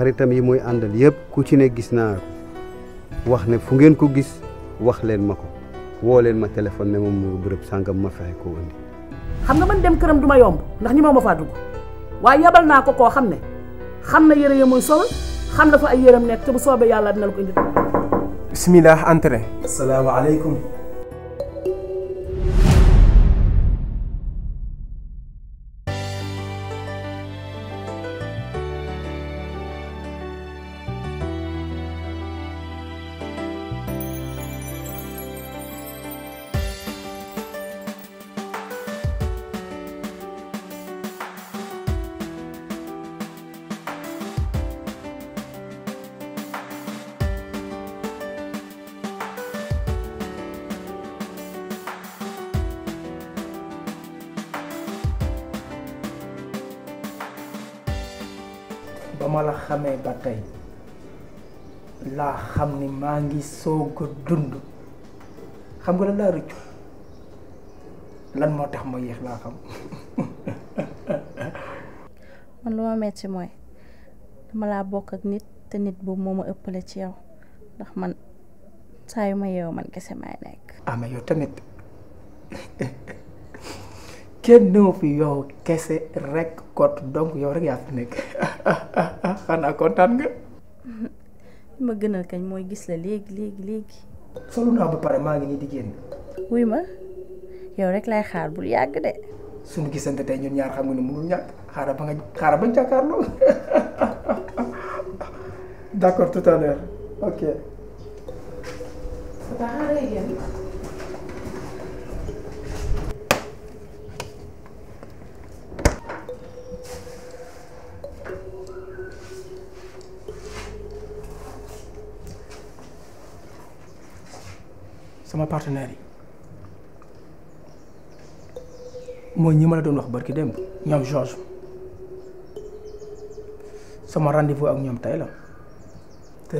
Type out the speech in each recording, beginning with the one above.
xaritam yi muy àndal yëpp ku ci ne gis naa ko wax ne fu ngeen ko gis wax leen ma ko woo leen ma téléphone ne moom mu bërëb sàngam ma fexe ko indi xam nga man dem këram du ma yomb ndax ñi ma ma faa dugg waaye yabal naa ko koo xam ne xam na yére ya muy sol xam na fa ay yéram nekk te bu soobee yàlla dina la ko indi bismillah entrée asalaamaaleykum tey laa xam ni maa ngi soog a dund xam nga la laa rëccu lan moo tax ma yéex laa xam man lu ma metti mooy dama laa bokk ak nit te nit boobu moo ma ëppale ci yow ndax man saa yu ma yeewu man kese may nekk ama yow tamit kenn nëw fi yow kese rek kot donc yow rek yaa fi nekk kan xan a kontaan nga ma gënal kañ mooy gis la léegi léegi léegi solu naa ba pare maa ngi nii di génn wuy ma yow rek lay xaar bul yàgg de suñu gisante tey ñun ñaar xam nga ne mënul ñàkk xaaral ba nga xaaral ba nga jàkkaarloo d'accord tout à l'heure ok Papa, xaaral génn mon partenaire yi suis ñi ma la doon wax Georges sama rendez-vous ak ñoom la te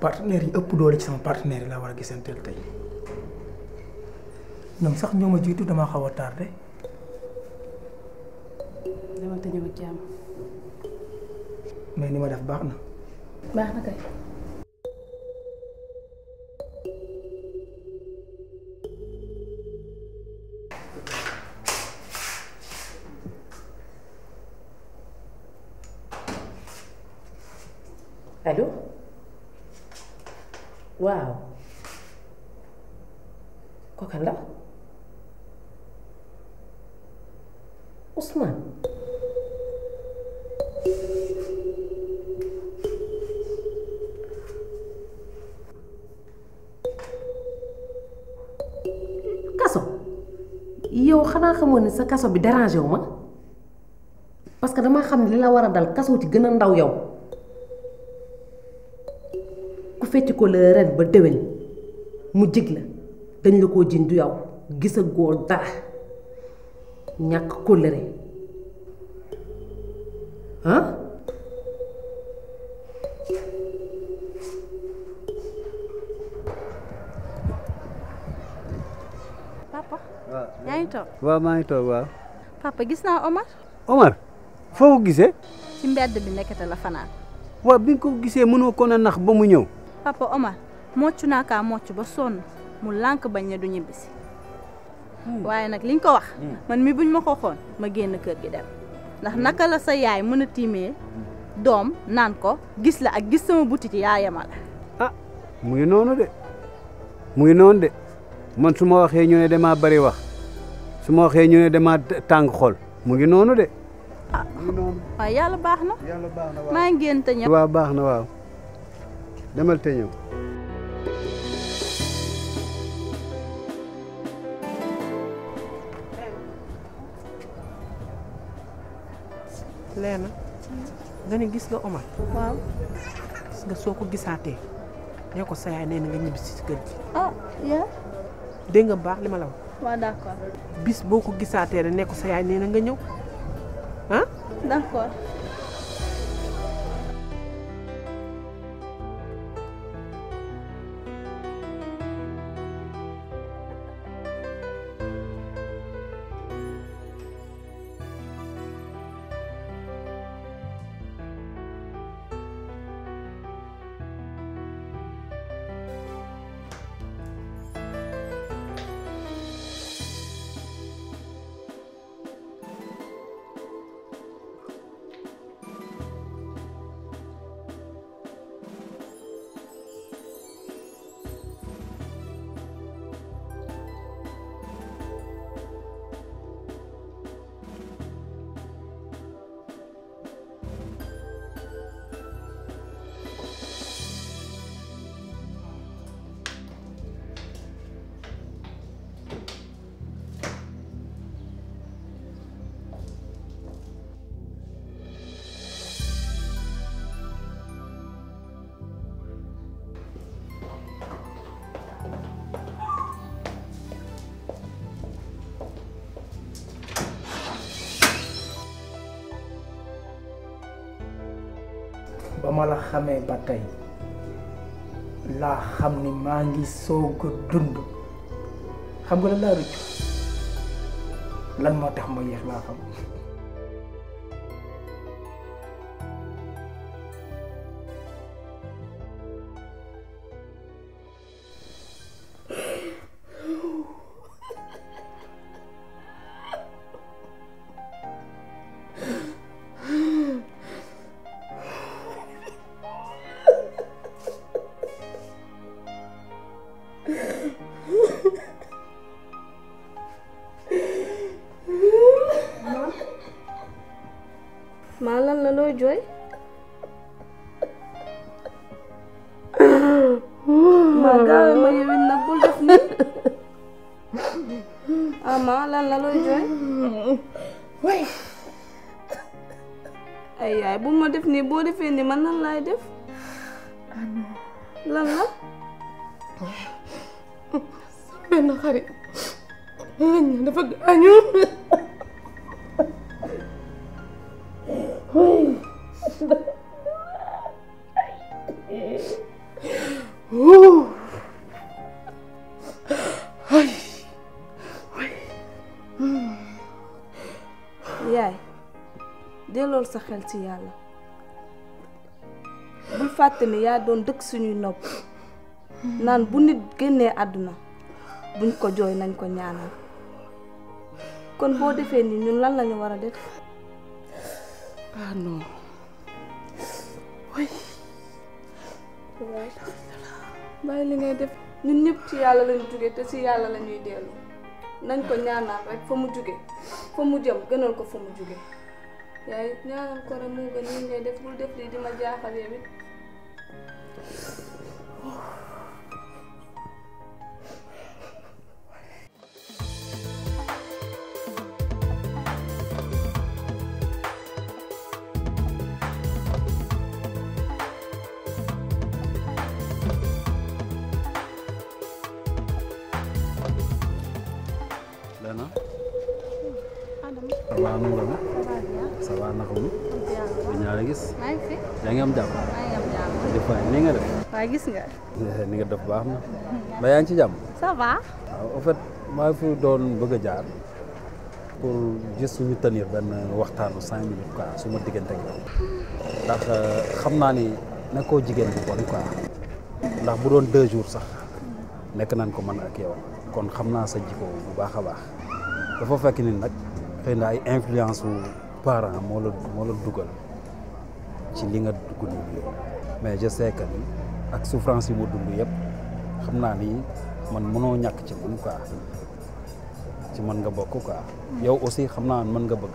partenaire yi ëpp ci sama partenaire yi laa war a gisanteel tey sax ma dama xaw tardé. mais ni ma def waaw kookan la Ousmane kaso yow xanaa xamoon ne sa kaso bi dérangé wu ma parce que dama xam ne li la war a dal kaso ci gën a ndaw yow fecc ko ba déwén mu jig la dañ la ko jiñ du yow gis a góor dara ñàkk kóllëre ah papa yaa ngi toog waaw maa ngi toog waaw papa gis naa Omar Omar foo ko gisee ci mbedd bi nekkete la fanaan waaw bi nga ko gisee mënoo ko na nax ba mu ñëw papa Omar moccu naa kaa mocc ba sonn mu lànk bañ ne du ñibbisi hmm. waaye nag liñ ko wax hmm. man mi buñ ma ko xoon ma génn kër gi dem ndax hmm. naka la sa yaay mën a tiime doom naan ko gis la ak gis sama butit yaa yemal ah mu ngi noonu de mu ngi noonu de man su ma waxee ñoo ne damaa bari wax su ma waxee ñu ne damaa tàng xol mu ngi noonu de. ah waaw yàlla baax na. yàlla baax na waaw maa génn te waaw baax na waaw. demal te ñëw. leena nga ne gis nga Omar. nga soo ko gisaatee nee ko sa yaay nee na nga ñibbi si kër gi. Ah, dégg nga baax li ma la wax. bis boo ko gisaatee rek nee ko sa yaay nee na nga ñëw ah. d'accord. ma la ba tey laa xam ni maa ngi soog a dund xam nga la laa rëccu lan moo tax ma yéex laa xam من الله يدف؟ أنا لا بين خريق من أنا فجأة نيوم سخلتي يالا xamante ne yaa doon dëkk suñuy nopp naan bu nit génnee aduna buñ ko joy nañ ko ñaanal kon bo défé ni ñun lan lañu wara def ah non way bay li ngay def ñun ñëpp ci yalla lañu juggé té ci yalla lañuy délu nañ ko ñaanal rek fa mu juggé fa mu jëm gënal ko fa mu juggé yaay ñaanal ko rek moo gën nii ngay def bul def li dima ma jaaxal yow waaw noonu la. ça va naka wu. yaa ngi fay ni nga def. waaye gis nga. Eh, ni nga def baax na. ba yaa ngi ci jàmm. ça va. waaw en fait maa fi doon bëgg a jaar. pour juste ñu tenir benn waxtaanu cinq minutes quoi suma ma diggante ak ndax eh, xam naa ni nekkoo jigéen bu bon quoi. ndax bu doon deux jours sax. nekk nañ ko man ak yow. kon xam naa sa jikko bu baax a baax. dafa fekk ni nag xëy na ay influence wu parent moo la moo ci li nga dugg nii mais je sais que ni ak souffrance yi ma dund yëpp xam naa ni man mënoo ñàkk ci man quoi ci man nga bokk quoi. Hmm. yow aussi xam naa mën nga bëgg.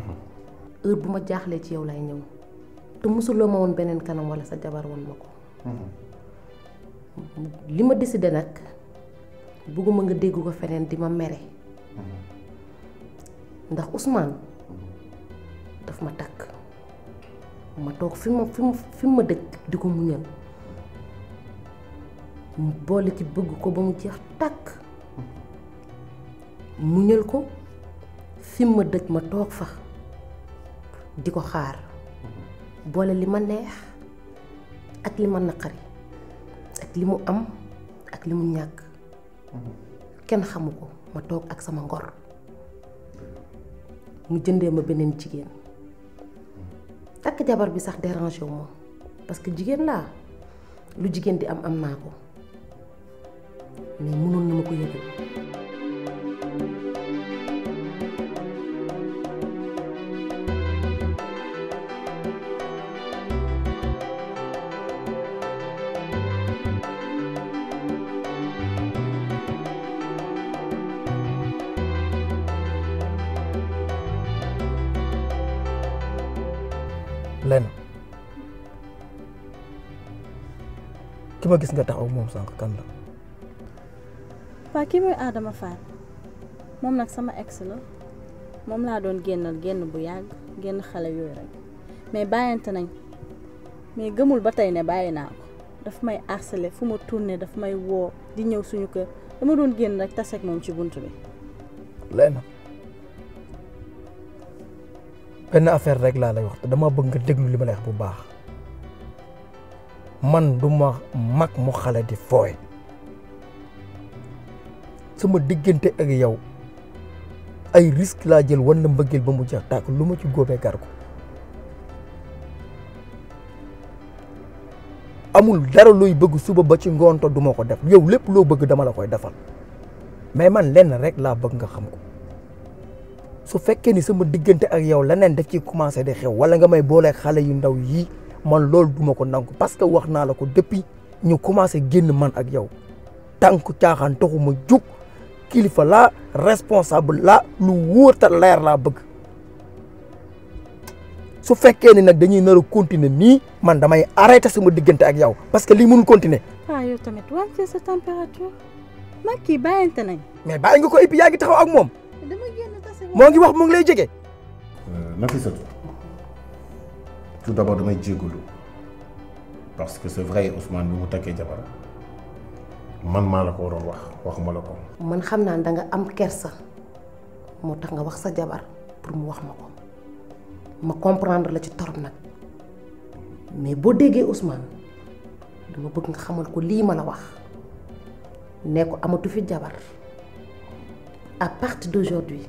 heure bu ma jaaxlee ci yow lay ñëw te mësuloo ma woon beneen kanam wala sa jabar ma ko li ma décidé nag bëgguma nga dégg ko feneen di ma mere ndax usmaan daf ma takk ma toog fi ma fi ma dëkk di ko muñal boole ci bëgg ko ba mu jeex takk muñal ko fi ma dëkk ma toog fax di ko xaar boole li ma neex ak li ma naqari ak li mu am ak li mu ñàkk kenn xamu ko ma toog ak sama ngor mu jëndee ma beneen jigéen takk jabar bi sax dérangé wu ma parce que jigéen laa lu jigéen di am am naa ko mais mënoon na ma ko yëgal ki ma gis nga taxaw moom sànq kan la. waa kii mooy Adama Fall moom nag sama ex la moom laa doon génnal génn bu yàgg génn xale yooyu rek mais bàyyante nañ mais gëmul ba tey ne bàyyi naa ko dafa may harcelé fu ma tourné dafa may woo di ñëw suñu kër dama doon génn rek taseeg moom ci bunt bi. lenn benn affaire rek laa lay wax damaa bëgg nga déglu li ma lay wax bu baax. man du ma mag mu xale di fooy sama diggante ak yow ay risque laa jël wan la mbëggeel ba mu jeex tàkk lu ma ci góobee gar ko amul dara looy bëgg suba ba ci ngoonto duma ko def yow lépp loo bëgg dama la koy defal mais man lenn rek laa bëgg nga xam ko su fekkee ni sama diggante ak yow leneen daf ci commencé di xew wala nga may boolee xale yu ndaw yii man loolu duma ko nangu parce que wax naa la ko depuis ñu commencé génn man ak yow tànk caaxaan taxu ma jug kilifa la responsable laa lu wóor te leer laa bëgg su fekkee ni nag dañuy nar a continuer nii man damay arrêté sama diggante ak yow parce que lii mënul continuer. ah yow tamit wàccee kii bàyyante nañ. mais bàyyi nga ko et puis yaa ngi taxaw ak moom. moo ngi wax mu ngi lay jege. Euh, Nafissatou tout d'abord de jégalu parce que ce vrai Ousmane bi mu takkee jabar man maa la ko waroon wax waxuma la ko. man xam naa da nga am kersa moo tax nga wax sa jabar pour mu wax ma ko ma comprendre la ci torop nag mais boo déggee Ousmane dama bëgg nga xamal ko lii ma la wax ne ko amatu fi jabar à partir d'aujourd'hui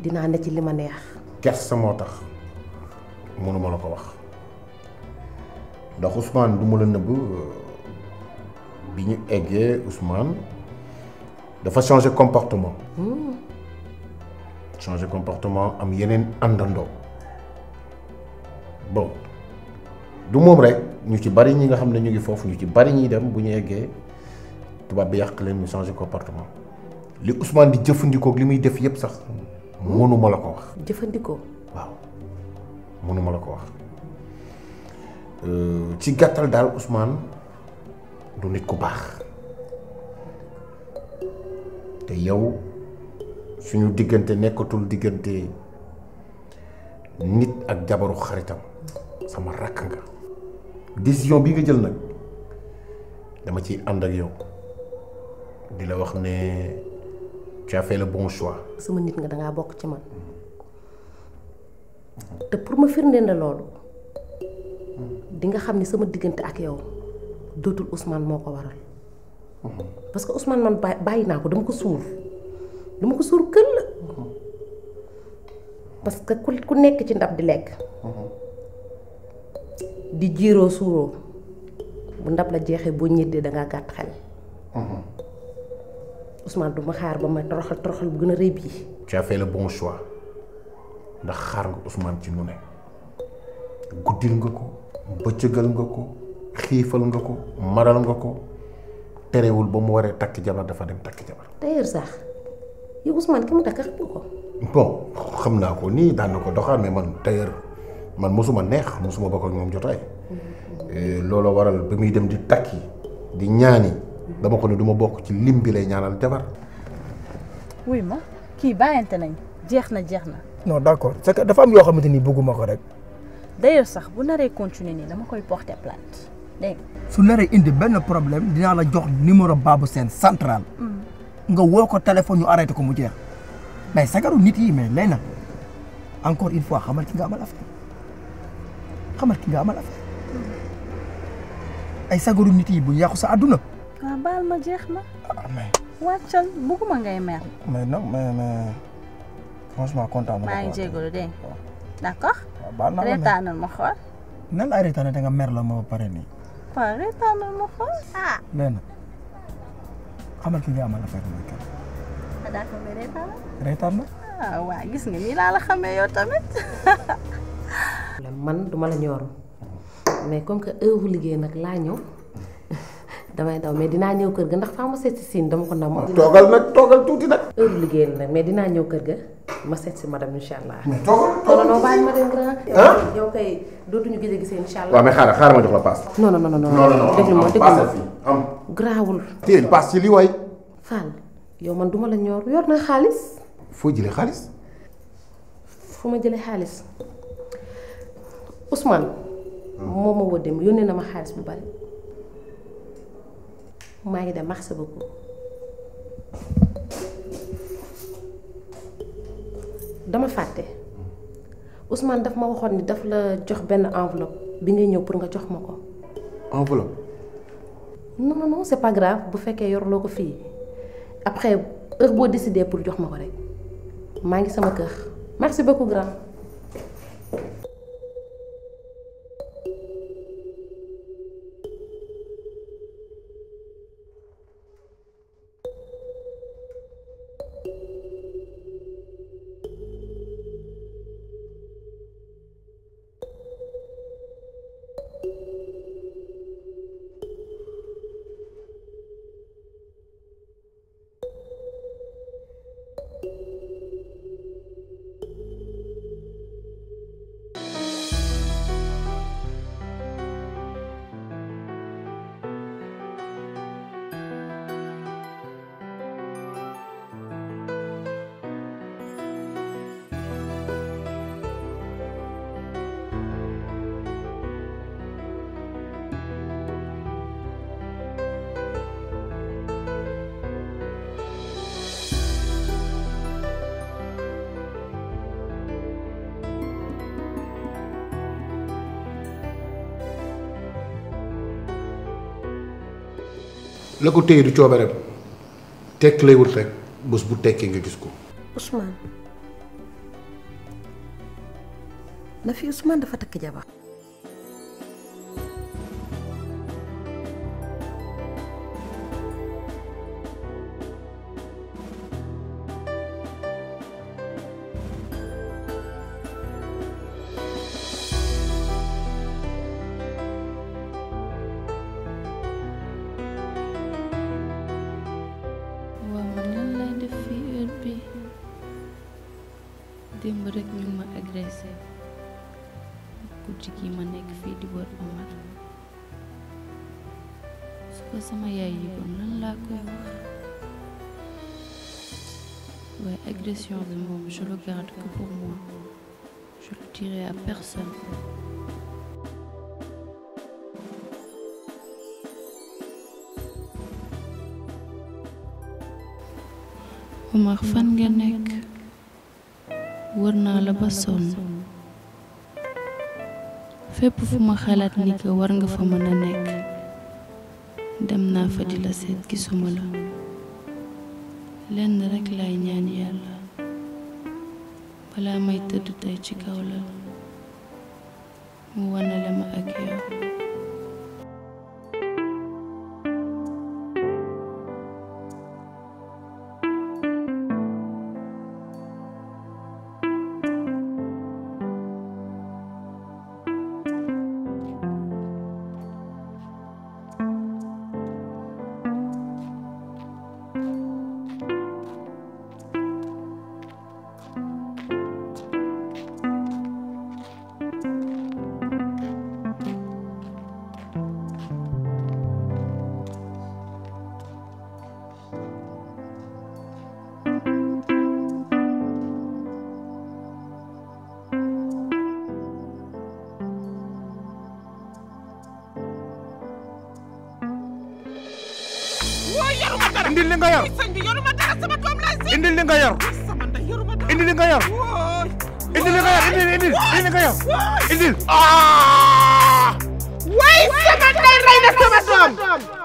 dinaa ne ci li ma neex. kersa moo tax. mënuma la ko wax ndax Ousmane du ma la nëbb bi ñu eggee Ousmane dafa changer comportement hmm. changer comportement am yeneen àndandoo bon du moom rek ñu ci bari ñi nga xam ne ñu ngi foofu ñu ci bari ñuy dem bu ñu eggee tubaab bi yàq leen ñu changer comportement li Ousmane di jëfandikoo li muy def yépp sax mënuma la ko wax jëfandikoo waaw mënuma la ko wax eh, ci gàttal daal Ousmane du nit ku baax te yow suñu diggante nekkatul diggante nit ak jabaru xaritam sama rakk nga décision bi nga jël nag dama ciy ànd ak yow di wax ne tu as fait le bon choix. suma nit nga dangaa bokk ci man. te pour ma fir la loolu di nga xam ni sama diggante ak yow dootul Ousmane moo ko waral parce que Ousmane man bàyyi naa ko dama ko suur dama ko suur këll parce que ku nekk ci ndab di lekk di jiiroo suuroo bu ndab la jeexee boo ñeddee da ngaa gàtt xel Ousmane du ma xaar ba ma toroxal toroxal bu gën a rëy bii. tu as ndax xaar nga Ousmane ci nu ne guddil nga ko bëccëgal nga ko xiifal nga ko maral nga ko terewul ba mu waree takk jabar dafa dem takk jabar. d'ailleurs sax yow Ousmane ki mu takk xam ko. bon xam naa ko nii daan na ko doxaan mais man d'ailleurs man mosuma neex mosuma bokk ak jotaay. Mm-hmm. waral ba muy dem di takki di ñaani dama ko ne du ma bokk ci lim bi lay ñaanal jabar. oui ma kii bàyyante nañ jeex na non d' accord c'est que dafa am yoo xamante ni bëgguma ko rek. d'ailleurs sax bu naree continuer nii dama koy porter plainte dégg su naree indi benn problème dinaa la jox numéro baabu seen central. Mm. nga woo ko téléphone yu arrêté ko mu jeex. mais sagaru nit yi mais lay na encore il fois xamal ki nga ama affaire xamal ki mm. ay sagaru nit yi bu yàqu sa àdduna. waaw ah, baal ma jeex na. ah mais. wàccal bëgguma ngay mais non mais. franchement kontaan ngi jégalu dégg nga d'accord. baal naa la reetaanal ma xool. Ah, nan laay reetaanal nga mer la ma xool ah. lenn xamal ki nga amal affaire mooy kenn. ah d'accord reetaanal. reetaan na. waa gis nga nii laa la xamee yow tamit. man duma la ñor mais comme que heure liggéey nag laa ñëw. damay daw mais dinaa ñëw kër ga ndax faa ma seet si siin dama ko nam ah, toogal nag toogal tuuti nag heure liggéey la nag mais dinaa ñëw kër ga ma seet si madame insha allah toogal non bàyyi ma dem grand yow kay dootuñu gëj a gisee insha allah waaw mais xaaral xaaral ma jox la paas non non non non non déglu ma déglu ma am grawul téel paas ci li waay Fall yow man duma la ñor yor naa xaalis foo jëlee xaalis fu ma jëlee xaalis Ousmane hmm. moo ma wëdde mu yónnee na ma xaalis bu bari merci beaucoup. dama Ousmane ma waxoon enveloppe bi pour nga jox enveloppe. non non non c'est pas grave bu fekkee ko après heure boo décidé pour jox rek merci beaucoup grand. la ko téye du coobareem tekk lay wut rek bés bu tekkee nga gis ko. Ousmane na fi Ousmane dafa takk jabar démb rek ñu ma agressé guddi gi ma nekk fii di wër Omar su ko sama yaay yëgoon lan laa koy wax waaye agression bi moom je le garde que pour moi je le dirai à personne Omar fan nga nekk wër naa la ba sonn fépp fu ma xalaat ni que war nga fa mën a nekk dem naa fa di la seet gisuma la lenn rekk lay ñaan yàlla balaa may tëdd tey ci kaw la mu wanale ma ak yow indil li nga yor sëñ bi yoruma dara sama doom laa si indil li nga yor sama nda yoruma dara nga yor indil nga yor indil indil way sama nday rey sama doom